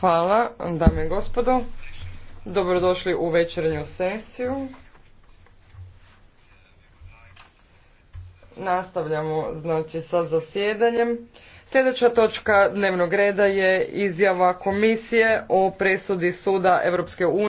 Hvala, dame i gospodo. Dobrodošli u večernju sesiju. Nastavljamo znači sa zasjedanjem. Sljedeća točka dnevnog reda je izjava komisije o presudi suda EU